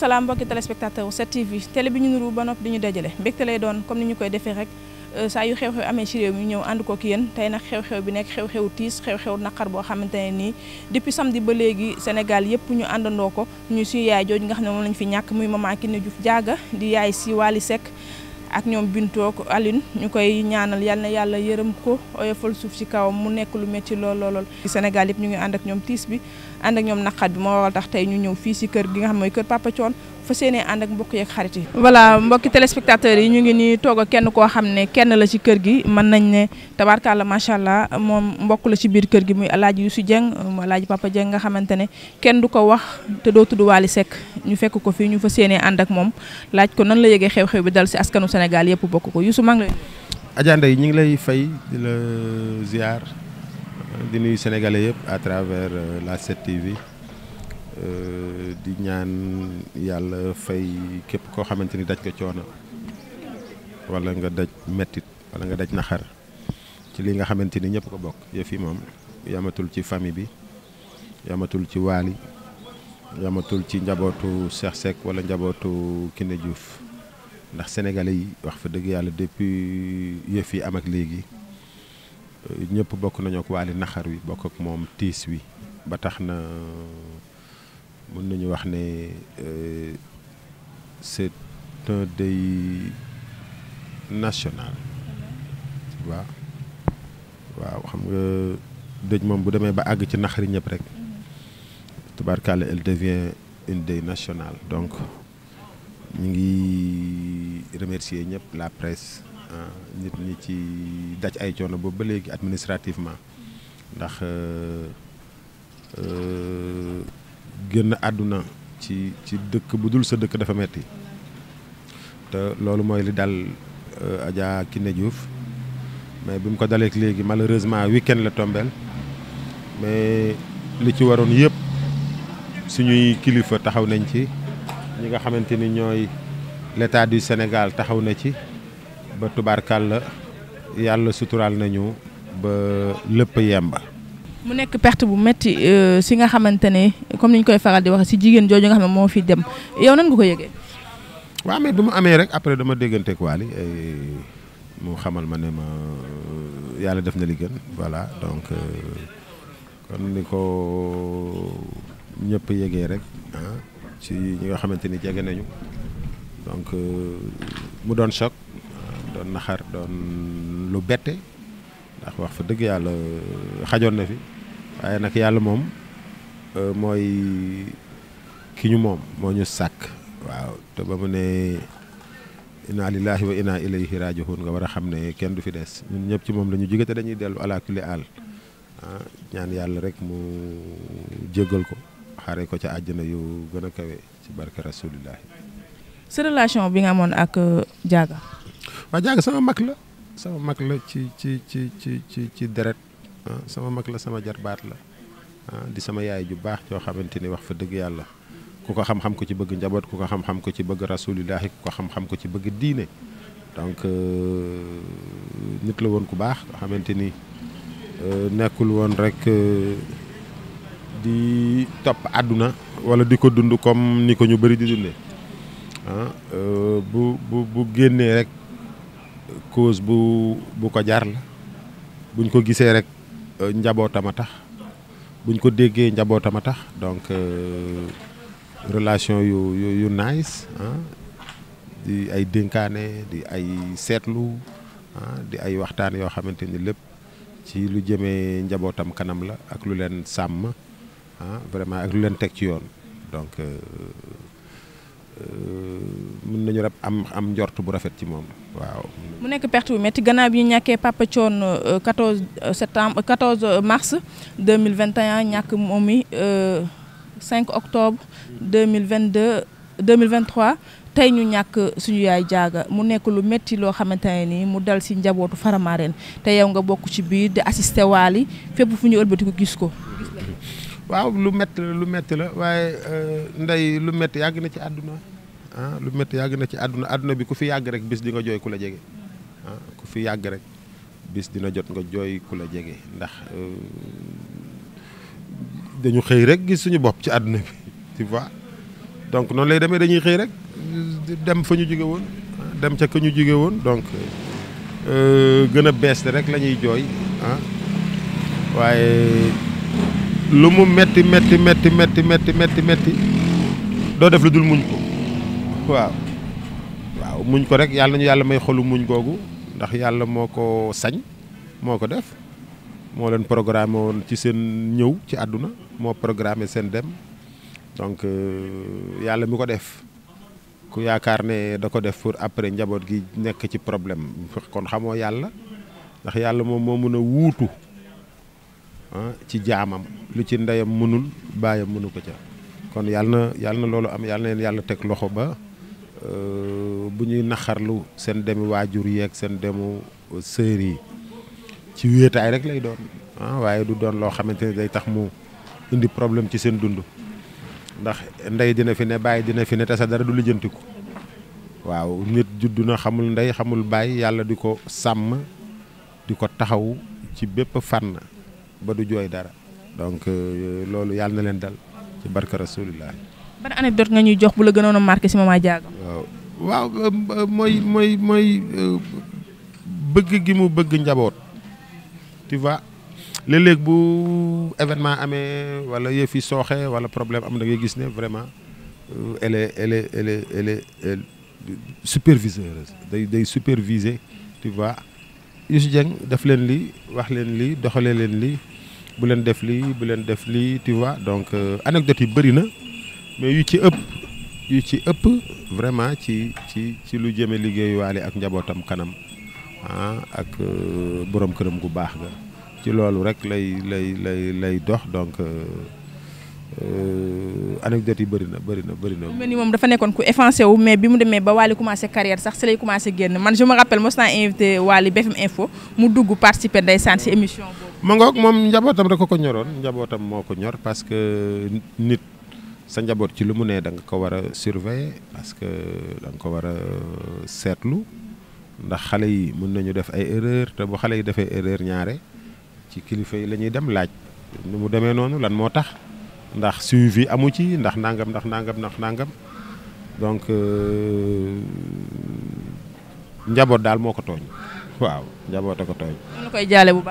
salaam mbokki téléspectateur 7TV télé bi ñu nuru ba nopp di ñu dajale mbégte lay doon comme ni ñu koy defee rek euh, saa yu xew-xew amee ci réew mi ñëw ànd ko ki yéen tey nag xew-xew bi nekk xew-xew tiis xew-xew naqar boo xamante ne nii depuis samedi ba léegi Sénégal yëpp ñu àndandoo ko ñu si yaay jooju nga xam ne moom lañu fi ñàkk muy maman Kiné Diouf Diaga di yaay si Wally Seck ak ñoom bintoo ko Aline ñu koy ñaanal yal na yàlla yërëm ko oyofal suuf ci kawam mu nekk lu métti lool lool. Sénégal yëpp ñu ngi ànd ak ñoom tiis bi ànd ak ñoom naqat bi moo waral tax tey ñu ñëw fii ci kër gi nga xam mooy kër Papa Thione fa seenee ànd ak mbokk yeeg xarit yi. voilà mbokki téléspectateurs yi ñu ngi nii toog kenn koo xam ne kenn la ci kër gi mën nañ ne tabarkalla macha allah moom mbokk la ci biir kër gi muy El Hadj Youssou Dieng El Hadj Papa nga xamante ne kenn du ko wax te doo tudd Waly Seck ñu fekk ko fii ñu fa seenee ànd ak moom laaj ko nan la yëgee xew-xew bi dal si askanu Sénégal yëpp bokk ko Youssou maa ngi lay. Adja Ndeye ñu ngi lay fay di la ziar di nuyu yëpp à travers euh, la 7TV. Euh, di ñaan yàlla fay képp koo xamante ni daj ko coono wala nga daj mettit wala nga daj naxar ci li nga xamante ni ñëpp ko bokk yëf yi moom yamatul ci famille bi yamatul ci waali yamatul ci njabootu Cheikh Seck wala njabootu Kiné Diouf ndax sénégalais yi wax fa dëgg yàlla depuis yëf yi am ak léegi ñëpp bokk nañoo ak waali naxar wi bokk ak moom tiis wi ba tax na mën nañu wax ne euh, c'est un deuil national mm-hmm. tu waaw xam nga dëj moom bu demee ba àgg ci naxari ñëpp rek mm-hmm. tubaarkàlla elle devient une deuil nationale donc ñu ngi remercier ñëpp la presse nit ñi ci daj ay coono boobu ba léegi administrativement mm-hmm. ndax. Euh, euh, génn àdduna ci ci dëkk bu dul sa dëkk dafa metti te loolu mooy li dal euh, Adja Kiné Diouf mais bi mu ko daleek léegi malheureusement week-end la tombeel mais li ci waroon yëpp suñuy kilifa taxaw nañ ci ñi nga xamante ni ñooy l'état du Sénégal taxaw na ci ba la yàlla suturaal nañu ba lépp yemba mu nekk perte bu métti euh, si nga xamante ne comme ni ñu koy faral di wax si jigéen jooju nga xam ne moo fi dem yow nan nga ko yëgee. waaw mais bi mu amee rek après dama déggante ak Waly mu xamal ma ne ma euh, yàlla def na li gën voilà donc kon euh, ni ko ñëpp yëgee rek ah ci ñi nga xamante ni jege nañu donc mu doon choc doon naxar doon lu bette. ndax wax fa dëgg yàlla euh, xajoon na fi waaye nag yàlla moom euh, mooy ki ñu moom moo ñu sàkk waaw te ba mu ne inna lillahi wa inna ilayhi raji'un nga war a xam ne kenn du fi des ñun ñëpp ci moom la ñu jóge dañuy dellu ala kulli aal ah, ñaan yàlla rek mu jéggal ko xaare ko ca àjjana yu gën a kawe ci barke rasulillahi sa relation bi nga amoon ak euh, Diaga. waaw Diaga sama mag la. sama mag la ci ci ci ci ci ci deret ah, sama mag la sama jarbaat la ah, di sama yaay ju baax joo xamante ni wax fa dëgg yàlla ku ko xam-xam ko ci bëgg njaboot ku ko xam-xam ko ci bëgg rasulillahi ku xam-xam ko ci bëgg diine donc euh, nit la woon ku baax nga xamante ni euh, nekkul woon rek euh, di topp àdduna wala di ko dund comme ni ko ñu bëri di dundee ah, bu bu bu génnee rek cause bu bu ko jaar la buñ ko gisee rek euh, njabootam a tax buñ ko déggee njabootam a tax donc euh, relation yu yu yu nice di ay dénkaane di ay seetlu di ay waxtaan yoo xamante ni lépp ci lu jëmee njabootam kanam la ak lu leen sàmm ah vraiment ak lu leen teg ci yoon donc. Euh, Euh, mën nañu rab am am njort bu rafet ci moom waaw. mu nekk perte bu metti gannaaw bi ñu ñàkkee Papa Thione euh, 14 euh, septembre 14 mars 2021 ñàkk moom mi cinq octobre deux mille 2022 2023 tey ñu ñàkk suñu yaay jaaga mu nekk lu métti loo xamante ne nii mu dal si njabootu Faramareen te yow nga bokk ci biir di assister waali fépp fu ñu ëlbatiku gis ko. waaw lu métti la lu métti la waaye euh, ndey lu métti yàgg na ci àdduna ah lu métti yàgg na ci àdduna àdduna bi ku fi yàgg rek bis di nga jooy ku la ah, ku fi yàgg rek bis dina jot nga jooy ku la jege ndax euh, dañu xëy rek gis suñu bopp ci àdduna bi tu vois donc noonu lay demee dañuy xëy rek dem fa ñu jóge woon ah, dem ca ka ñu jóge woon donc euh, gën a bees rek lañuy jooy ah waaye lu mu metti metti metti metti metti metti metti doo def lu dul muñ ko waaw waaw muñ ko rek yàlla nañu yàlla may xolu muñ googu ndax yàlla moo ko sañ moo ko def moo leen programmé woon ci seen ñëw ci àdduna moo programmé seen dem donc euh, yàlla mi ko def ku yaakaar ne da ko def pour après njaboot gi nekk ci problème kon xamoo yàlla ndax yàlla moom moo mën a wuutu Ah, ci jaamam lu ci ndeyam mënul baayam mënu ko ca kon yàlla na yàlla na loolu am yàlla na leen yàlla teg loxo ba euh, bu ñuy naxarlu seen demi waajur yeeg seen demu sër yi ci wéetaay rek lay doon ah, waaye du doon loo xamante ni day tax mu indi problème ci seen dund ndax ndey dina fi ne bàyyi dina fi ne te sa dara du lijjantiku waaw nit juddu na xamul ndey xamul bàyyi yàlla di ko sàmm di ko taxaw ci bépp fànn ba du jooy dara donc euh, loolu yàlla na leen dal ci barka rasulillah. ban anecdote nga ñuy jox bu la gënoon a marqué si Mama Diaga. waaw euh, mooy mooy mooy euh, bëgg gi mu bëgg njaboot tu vois léeg bu événement amee wala yëf yi sooxe wala problème am da ngay gis ne vraiment elle est elle est elle day day superviser tu vois. Youssou Dieng def leen li wax leen lii doxalee leen li bu leen def li bu leen def lii tu vois donc euh, anecdote yi bëri na mais yu ci ëpp yu ci ëpp vraiment ci ci ci lu jëme liggéeyuwaale ak njabootam kanam ah ak euh, borom këram gu baax ga ci loolu rek lay lay lay lay dox donc. Euh, Euh, anecdote yi bëri na bëri na bëri na. mu ni moom dafa nekkoon ku effacé wu mais bi mu demee ba Wally commencé carrière sax si lay commencé génn man je me rappelle mos naa invité Wally BFM info mu dugg participer ndeysaan si émission boobu. ma ngoog moom njabootam rek ko ñoroon njabootam moo ko ñor parce que nit sa njaboot ci lu mu nee da nga ko war a surveiller parce que da nga ko war a seetlu ndax xale yi mun nañu def ay erreur te bu xale yi defee erreur ñaare ci kilifa yi la ñuy dem laaj nu demee noonu lan moo tax. ndax suivi amu ci ndax nangam ndax nangam ndax nangam donc euh, njaboot daal moo ko tooñ. waaw njaboot ko tooñ. ñu koy jaale bu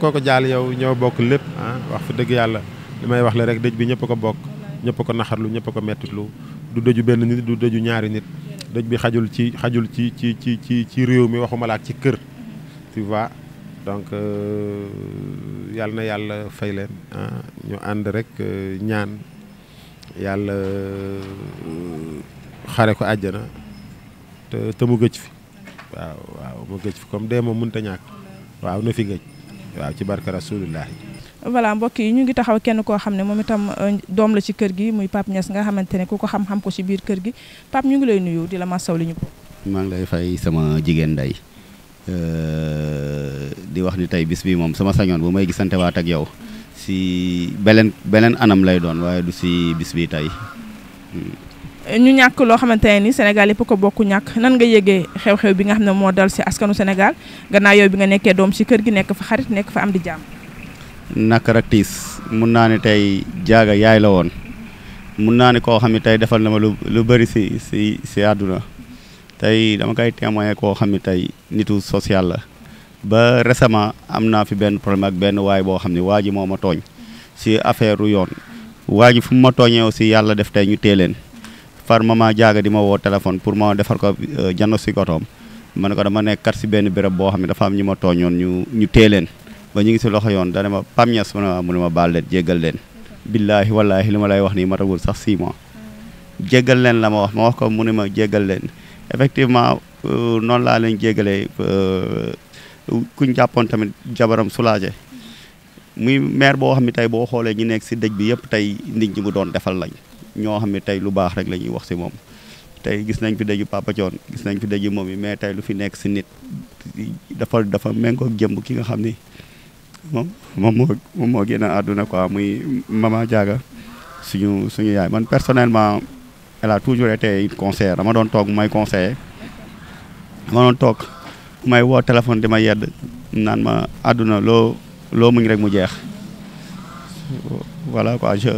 koo ko jaal yow ñoo bokk lépp ah wax fa dëgg yàlla li may wax la rek dëj bi ñëpp ko bokk ñëpp ko naxarlu ñëpp ko mettitlu du dëju benn nit du dëju ñaari nit dëj bi xajul ci xajul ci ci ci ci ci réew mi waxuma la ak ci kër donc euh, yàlla na yàlla fay leen ah, ñu ànd rek euh, ñaan yàlla euh, xare ko àjjana te te mu gëj fi waaw waaw mu gëj fi comme dee moom mënut a ñàkk waaw na fi gëj waaw ci barka rasulillahi voilà mbokk yi ñu ngi taxaw kenn koo xam ne moom itam doom la ci kër gi muy Pape Niass nga xamante ne ku ko xam-xam ko ci biir kër gi Pape ñu ngi lay nuyu di la masaw li ñu ko maa ngi lay fay sama jigéen nday Euh, di wax ni tey bis bi moom sama sañoon bu may gisante waat ak yow si beneen beneen anam lay doon waaye du si bis bi tey. ñu ñàkk loo xamante ne ni Sénégal yëpp ko bokk ñàkk nan nga yëgee xew-xew bi nga xam ne moo dal si askanu senegal gannaaw yow bi nga nekkee doom si kër gi nekk fa xarit nekk fa am di jàmm. naka rek mun naa ne tey jaaga yaay la woon mun naa ne koo xam ne tey defal na ma lu lu bëri si si si àdduna. tey dama koy témoin koo xam ne tey nitu sociale la ba récemment am naa fi benn problème ak benn waay boo xam ne waa ji moo ma tooñ si affaire yoon waa ji fu mu ma tooñee aussi yàlla def tey ñu tee leen ma maa jaaga di ma woo téléphone pour ma defar ko jano euh, si gotoom ma ne ko dama nekkat si benn béréb boo xam ne dafa am ñu ma tooñoon ñu ñu tee leen ba ñu ngi si loxo yoon dane ma pam ñas mu ma mu ne baal leen jéggal leen billaahi wallaahi li ma lay wax nii matagul sax six mois leen la ma wax ma ma jéggal leen effectivement euh, noonu laa leen jégalee euh, kuñ jàppoon tamit jabaram soulagé muy maire boo xam ne tey boo xoolee ñu nekk si dëj bi yëpp tey nit ñi mu doon defal lañ ñoo xam ne tey lu baax rek la ñuy wax si moom tey gis nañ fi dëju Papa Thione gis nañ fi dëju moom yi mais tey lu fi nekk si nit dafa dafa méngoo jëm jëmb ki nga xam ni moom moom moo moom moo génn àdduna quoi muy Mama Diaga suñu suñu yaay man personnellement elle toujours été une dama doon toog may conseiller dama doon toog may woo téléphone di ma yedd naan ma àdduna loo loo muñ rek mu jeex voilà quoi je.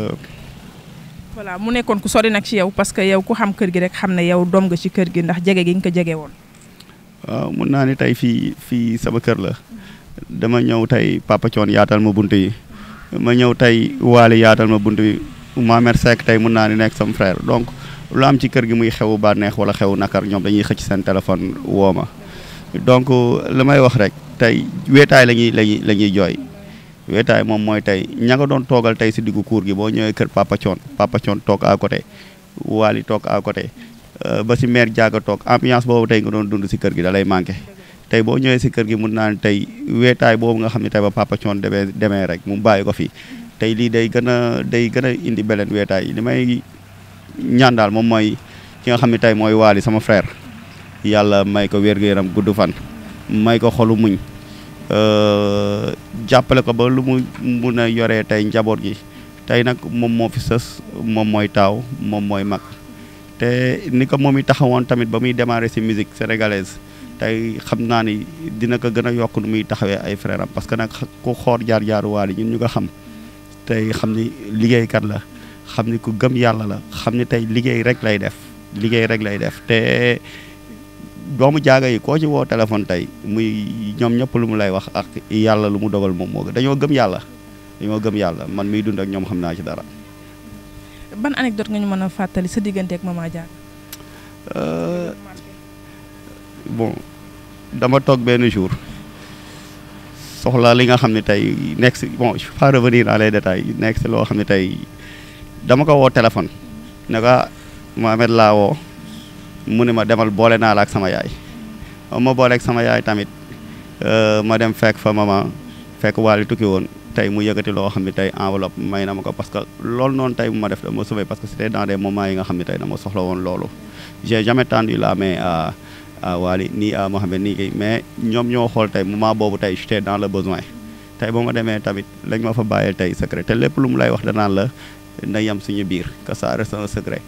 voilà mu nekkoon ku sori nag ci yow parce que yow ku xam kër gi rek xam ne yow doom nga ci kër gi ndax jege gi nga ko jege woon. waaw mun naa ne tey fii fii sama kër la dama ñëw tey Papa Thione yaatal ma bunt yi ma ñëw tey Waly yaatal ma bunt yi Mohamed Seck tey mun naa ne nekk sama frère donc. lu am ci kër gi muy xewu bànneex wala xew nakar ñoom dañuy xëcc seen téléphone woo ma donc li may wax rek tey weetaay la ñuy lañuy la ñuy jooy weetaay moom mooy tey ñanga doon toogal tey si diggu kuur gi boo ñëwee kër Papa Thion Papa Thion toog a côté Waly toog a côté euh, ba si maire jaaga toog ambiance boobu tey nga doon dund si kër gi dalay lay tey boo ñëwee si kër gi mun naa tey weetaay boobu nga xam ne tey ba Papa Thion demee demee rek mu bàyyi ko fi tey lii day gën a day gën a indi beneen weetaay li may ñaan daal moom mooy ki nga xam ne tey mooy Waly sama frère yàlla may ko wér-gu-yaram gudd fan may ko xolu muñ euh, jàppale ko ba lu mu mun a yoree tey njaboot gi tey nag moom moo fi sës moom mooy taaw moom mooy mag te ni ko moom i woon tamit ba muy démarrer ci musique sénégalaise tey xam naa ni dina ko gën a yokk nu muy taxawee ay frère parce que nag ku xoor jaar jaaru Waly ñun ñu nga xam tey xam ni liggéeykat la xam ne ku gëm yàlla la xam ne tey liggéey rek lay def liggéey rek lay def te doomu jaaga yi koo ci woo téléphone tey muy ñoom ñëpp lu mu lay wax ak yàlla lu mu dogal moom moo dañoo gëm yàlla dañoo gëm yàlla man miy dund ak ñoom xam naa ci dara. ban anecdote nga ñu mën a fàttali sa diggante ak maman Diaga. Euh, bon dama toog benn jour. soxla li nga xam ne tey nekk si bon je vais pas revenir à les détails nekk si loo xam ne tey dama ko woo téléphone ne ko Mohamed laa woo mu ne ma demal boole naa la ak sama yaay ma booleeg sama yaay tamit euh, ma dem fekk fa mama fekk waali tukki woon tey mu yëkkati loo xam ne tey enveloppe may na ma ko parce que loolu noon tey bu ma def da ma sauvé parce que c'était dans des moments yi nga xam ne tey dama soxla woon loolu j'ai jamais tendu la main à à Wally nii à Mohamed nii kii mais ñoom ñoo xool tey mu moment boobu tey j'étais dans le besoin tey ba ma demee tamit lañ ma fa bàyyee tey secret te lu mu lay wax danaan la na yam suñu biir que ça reste un secret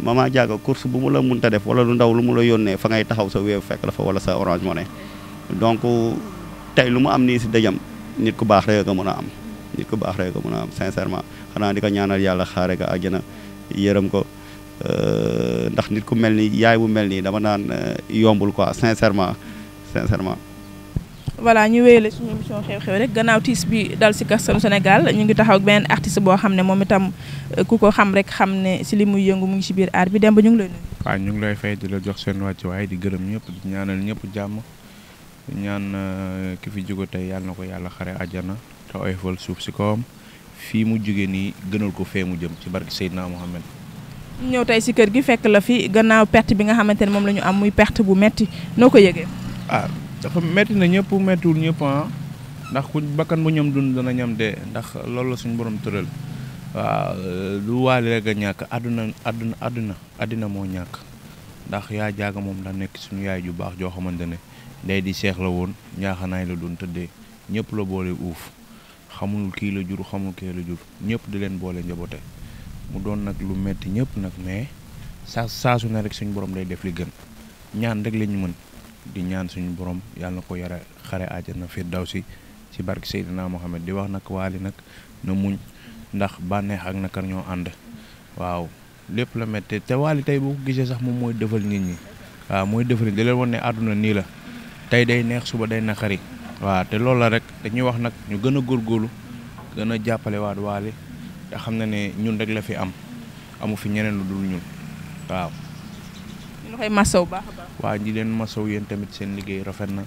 Mama Diaga course bu mu la munta def wala lu ndaw lu mu la yónnee fa ngay taxaw sa Wave fekk la fa wala sa Orange Money donc tey lu mu am nii si dajam nit ku baax rek nga mën a am nit ku baax rek nga mën a am sincèrement xanaa di ko ñaanal yàlla xaare ko àjjana yërëm ko euh, ndax nit ku mel ni yaay bu mel nii dama naan euh, yombul ko quoi sincèrement sincèrement voilà ñu wéyale suñu émission xew-xew rek gannaaw tiis bi dal si kastanu Sénégal ñu ngi taxaw ak beneen artiste boo xam ne moom itam euh, ku ko xam rek xam ne si li muy yëngu mu ngi si biir aar bi dem ba ñu ngi lay nuyu. waaw ñu ngi lay fay di la jox seen wàcc waaye di gërëm ñëpp di ñaanal ñëpp jàmm ñaan euh, ki fi jóge tey na ko yàlla xare àjjana te oyofal suuf si kawam fii mu jóge nii gënal ko fee mu jëm ci barke Seydina Mohamed. ñu ñëw tey si kër gi fekk la fi gannaaw perte bi nga xamante ne moom la ñu am muy perte bu metti noo ko yëgee ah, dafa metti na ñëpp mettiwul ñëpp ah. ndax ku bakkan bu ñam dund dana ñam de ndax loolu la suñu borom tëral waaw du waali rek a ñàkk àdduna àdduna àdduna àddina moo ñàkk ndax yaa jaaga moom daa nekk suñu yaay ju baax joo xamante ne day di seex la woon njaaxanaay la doon tëddee ñëpp la boole uuf xamul kii la jur xamul kii la ñëpp di leen boole njaboote mu doon nag lu metti ñëpp nag mais saa saasu ne rek suñu borom day def li gën ñaan rek la ñu mën di ñaan suñu borom yàlla na ko yara xare àjjana firdawsi ci barke Seydina Mohamed di wax nag waali nag na muñ ndax bànneex ak nakar ñoo ànd waaw lépp la méttee te waali tey boo ko gisee sax moom mooy defal nit ñi waaw mooy defal di leen wan ne àdduna nii la tey day neex suba day naqari waaw te lool la rek dañuy wax nag ñu gën a góorgóorlu gën a jàppale waat waali te xam na ne ñun rek la fi am amu fi ñeneen lu dul ñun waaw koy masaw baax a baax. waa ñi leen masaw yéen tamit seen liggéey rafet na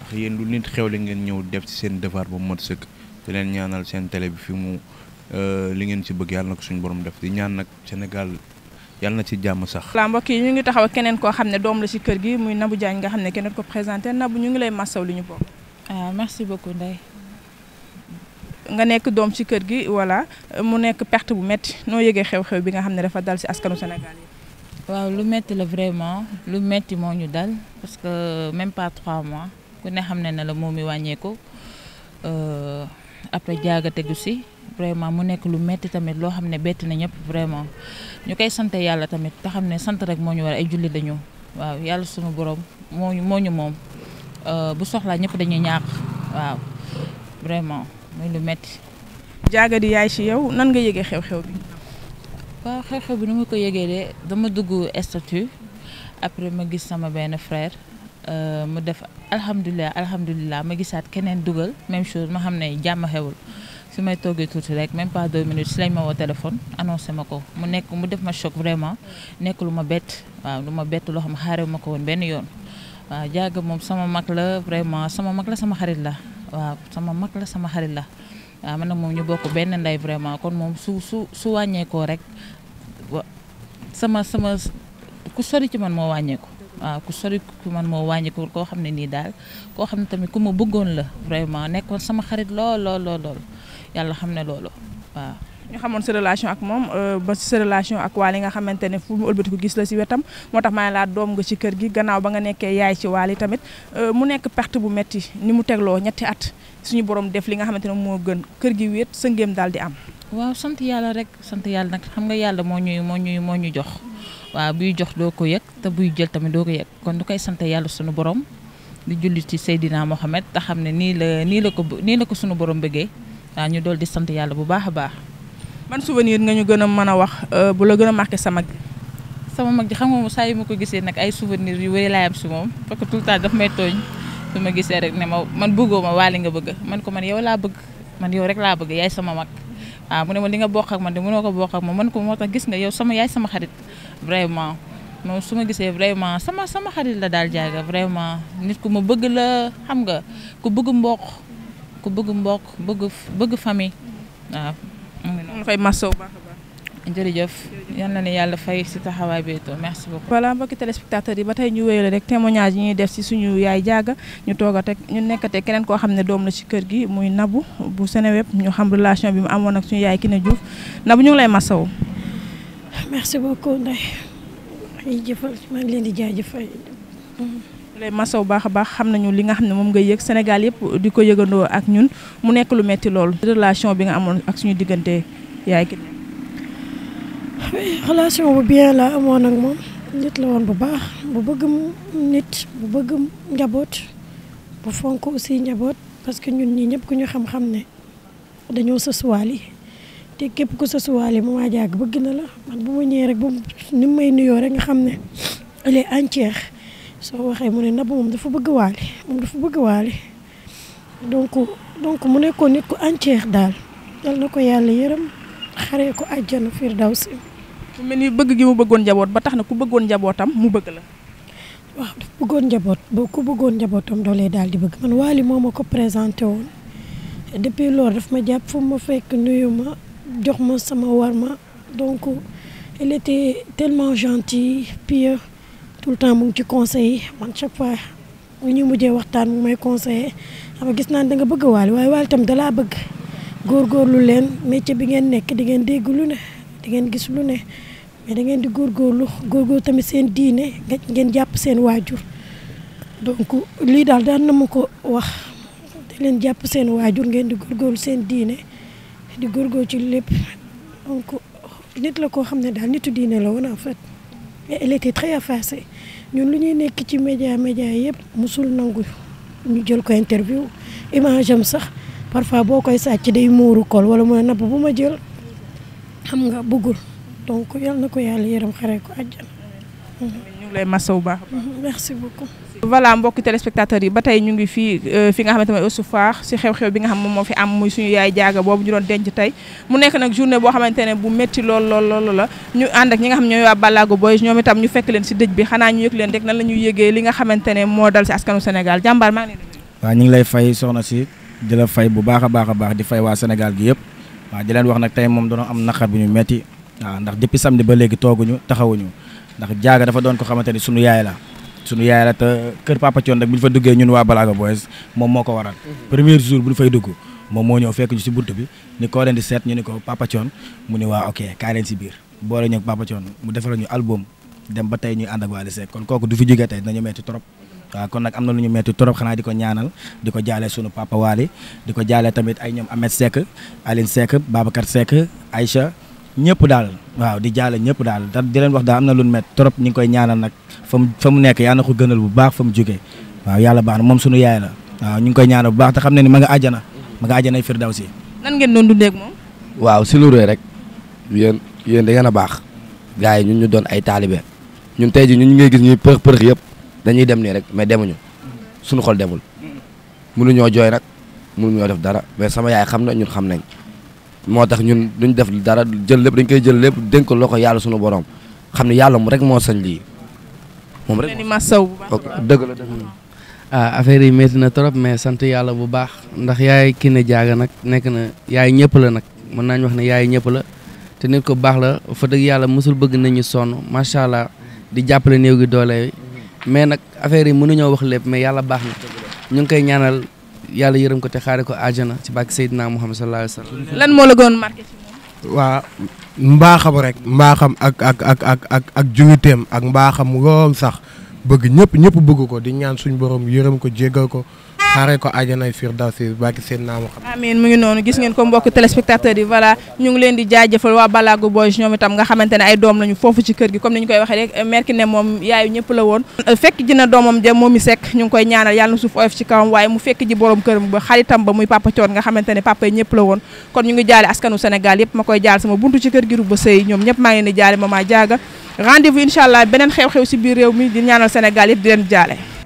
ndax yéen lu nit xew la ngeen ñëw def ci seen devoir ba mot sëkk di leen ñaanal seen télé bi fi mu euh, li ngeen si bëgg yàlla na ko suñu borom def di ñaan nag Sénégal yàlla na ci jàmm sax. voilà mbokk yi ñu ngi taxaw keneen koo xam ne doom la ci kër gi muy Nabou Diagne nga xam ne keneen ko présenté Nabou ñu ngi lay masaw li ñu bokk. ah merci beaucoup Ndeye. nga nekk doom ci kër gi voilà mu nekk perte bu métti noo yëgee xew-xew bi nga xam ne dafa dal ci askanu Sénégal yi waaw lu metti la vraiment lu metti moo ñu dal parce que même pas trois mois ku ne xam ne na la moom mi wàññeeku euh, après jaaga tegu si vraiment mu nekk lu metti tamit loo xam ne bett na ñëpp vraiment ñu koy sante yàlla tamit te xam ne sant rek moo ñu war ay julli dañu waaw yàlla sunu borom moo ñu moo ñu moom euh, bu soxlaa ñëpp dañuy ñaax waaw vraiment muy lu metti jaaga di yaay si yow nan nga yëgee xew-xew bi. waaw xew-xew bi nu ma ko yëgee de dama dugg statut après ma gis sama benn frère euh, mu def alhamdulilah alhamdulilah ma gisaat keneen dugal même chose ma xam ne jàmm xewul su may toogee tuuti rek même pas deux minutes si lañ ma woo téléphone annoncé ma ko mu nekk mu def ma choc vraiment nekk lu ma bett waaw lu ma bett loo xam xaarew ma ko woon benn yoon waaw jàgg moom sama mag la vraiment sama mag la sama xarit la waaw sama mag la sama xarit la waaw ah, man nag moom ñu bokk benn ndey vraiment kon moom su su su wàññeekoo rek sama sama ku sori ci man moo wàññeeku. waaw ah, ku sori ku man moo wàññeeku koo xam ne nii daal koo xam ne tamit ku ma bëggoon la vraiment nekkoon sama xarit lool lool lool lool yàlla xam ne loolu waaw. ñu xamoon sa relation ak moom euh, ba sa relation ak yi nga xamante ne fu mu ko gis la si wetam moo tax maa ngi laa doom nga ci kër gi gannaaw ba nga nekkee yaay ci yi tamit euh, mu nekk perte bu métti ni mu tegloo ñetti at. suñu borom def li nga xamante ne moo gën kër gi wéet sëngéem daal di am. waaw sant yàlla rek sant yàlla nag xam nga yàlla moo ñuy moo ñuy moo ñu jox waaw buy jox doo ko yëg te buy jël tamit doo ko yëg kon du koy sant yàlla suñu borom di jullit ci Seydina Mohamed te xam ne nii la nii la ko nii la ko suñu borom bëggee waaw ñu dool di sant yàlla bu baax a baax. man souvenir nga ñu gën a mën a wax euh, bu la gën a marqué sa mag sama mag ji xam nga saa yu ma ko gisee nag ay souvenir yu wéy laay am moom parce que tout le su ma gisee rek ne ma man bëggoo ma waali nga bëgg man ko man yow laa bëgg man yow rek laa bëgg yaay sama mag waaw mu ne ma li nga bokk ak man de mënoo ko bokk ak ma man ko moo tax gis nga yow sama yaay sama xarit vraiment moom su ma gisee vraiment sama sama xarit la daal jaaga vraiment nit ku ma bëgg la xam nga ku bëgg mbokk ku bëgg mbokk bëgg bëgg famille waaw. jërëjëf yal na yàlla fay si taxawaay Beto merci beaucoup. voilà mbokki téléspectateurs yi ba tey ñu wéyale rek témoignage yi ñuy def si suñu yaay jaaga ñu toog a teg ñu nekkate keneen koo xam ne doom la si kër gi muy Nabou bu Seneweb ñu xam relation bi mu amoon ak suñu yaay Kiné Diouf Nabou ñu ngi lay masawu. merci beaucoup Ndeye jëfal maa baax a baax xam nañu li nga xam ne moom ngay yëg Sénégal yëpp di ko yëgandoo ak ñun mu nekk lu metti lool. relation bi nga amoon ak suñu diggante yaay Kiné relation bu bien la amoon ak moom nit la woon bu baax bu bëgg nit bu bëgg njaboot bu fonk aussi njaboot parce que ñun ñii ñëpp ku ñu xam-xam ne dañoo sësuwaal yi te képp ku sësuwaal yi mu maa jàgg bëgg na la man bu mu ñëwee rek bu ni may nuyoo rek nga xam ne elle est soo waxee mu ne Nabou moom dafa bëgg waali moom dafa bëgg waali donc donc mu nekkoon nit ku entière daal yal na ko yàlla yërëm xaree ko àjjana firdawsi mu mel ni bëgg gi mu bëggoon njaboot ba tax na ku bëggoon njabootam mu bëgg la. waaw daf bëggoon njaboot boo ku bëggoon njabootam doolee daal di bëgg man waali moo ma ko présenté woon depuis loolu daf ma jàpp fu ma fekk nuyu ma jox ma sama war ma donc il était tellement gentil pieux tout le temps mu ngi ci conseil man chaque fois ñu ñuy mujjee waxtaan mu may conseillé ama gis naa da nga bëgg Waly waaye Waly tam dalaa bëgg góor góorlu leen métier bi ngeen nekk di ngeen dégg lu ne di ngeen gis lu ne mais da ngeen di góorgóorlu góorgóorlu tamit seen diine ngeen jàpp seen waajur donc lii daal daal na ko wax di leen jàpp seen waajur ngeen di góorgóorlu seen diine di góorgóorlu ci lépp donc nit la koo xam ne daal nitu diine la woon en fait mais elle était ñun lu ñuy nekk ci média média yëpp musul nangu ñu jël ko interview image am sax parfois boo koy sàcc day muuru kol wala mu ne napp bu ma jël xam nga bëggul donc yal na ko yàlla yërëm xare ko àjjana. ñu bu baax mm-hmm. merci beaucoup. voilà mbokki téléspectateurs yi ba tey ñu ngi fii euh, fi nga xamante ne aussi faax si xew-xew bi nga xam moom moo fi am muy suñu yaay jaaga boobu ñu doon denc tey mu nekk nag journée boo xamante ne bu métti lool lool lool la ñu ànd ak ñi xam ñooy waa Balago Boys ñoom itam ñu fekk leen si dëj bi xanaa ñu leen rek nan la ñuy yëgee li nga xamante ne moo dal si askanu Sénégal jàmbaar maa ngi leen waaw ñu ngi lay fay soxna si di fay bu baax a baax a baax di fay waa Sénégal gi yëpp waaw di wax nag tey moom doon am naqar bi ñu metti waaw ndax depuis samedi ba léegi tooguñu taxawuñu ndax jaaga dafa doon ko xamante ni sunu yaay la sunu yaay la te kër Papa Thione nag bu ñu fa duggee ñun waa Balago moo ko waral. Mhm. premier jour bu ñu fay dugg moom moo si buntu bi ni koo leen di seet ñu ni ko Papa Thione mu ni waa ok kaay ñu ak Papa Thione mu defal ñu album dem ba tey ñuy ànd ak Wally am na ñu metti trop xanaa di ko ñaanal di ko jaale sunu papa Wally di ko jaale tamit ay ñoom Ahmed Seck Aline Seck Babacar Seck Aïcha ñëpp daal waaw di jaale ñëpp daal da di leen wax daal am na lu met trop ñu koy ñaanal nag fa nekk yaa na ko gënal bu baax fa mu jógee waaw yàlla baax na moom yaay la ñu koy ñaanal bu baax te xam ne ni ma nga àjjana ma nga àjjana firdawsi nan ngeen doon dundee ak moom waaw si lu rëy rek yéen yéen da ngeen a baax gars yi ñun ñu doon ay taalibe ñun tey ji ñun ñu ngay gis ñuy përëx përëx yëpp dañuy dem nii rek mais demuñu suñu xol demul mënuñoo jooy nag mënuñoo def dara mais sama yaay xam na ñun xam nañ moo tax ñun duñ def dara jël lépp dañ koy jël lépp dénk ko yàlla suñu borom xam ne yàlla mu rek moo sañ lii moom rek dëgg la dëgg la ah affaire yi métti na trop mais sant yàlla bu baax ndax yaay Kiné Diaga nag nekk na yaay ñëpp la nag mën naa ñu wax ne yaay ñëpp la te nit ko baax la fa dëgg yàlla mosul bëgg ñu sonn macha allah di jàppale néew gi doole mhm. mais nag affaire yi mënuñoo wax lépp mais yàlla baax na ñu ngi koy ñaanal yàlla yërëm ko te xaare ko àjjana si bàkk Seydina Muhammad sallallahu alayhi wa sallam. lan moo la gën marqué mbaaxam rek. mbaaxam ak ak ak ak ak ak juwiteem ak mbaaxam lool sax bëgg ñëpp ñëpp bëgg ko di ñaan suñu borom yërëm ko jéggal ko. xaaree ko àjjanay firdawsi mu ngi noonu gis ngeen ko mbokk téléspectateurs yi voilà ñu ngi leen di jaajëfal waa Balago Boys ñoom itam nga xamante ne ay doom lañu foofu ci kër gi comme ni ñu koy waxee rek merki ne ñu ngi koy ñaanal yàlla na kawam waaye mu fekk ji borom këram ba xaritam ba muy papa coon nga xamante ne papa yi ñëpp la woon kon ñu ngi jaale askanu Sénégal yëpp ma koy jaal sama buntu ci kër gi rubba sëy ñoom ñëpp maa ngi leen di jaale mama jaaga rendez-vous allah beneen xew-xew si biir réew mi di ñaanal Sénégal yëpp di leen jaale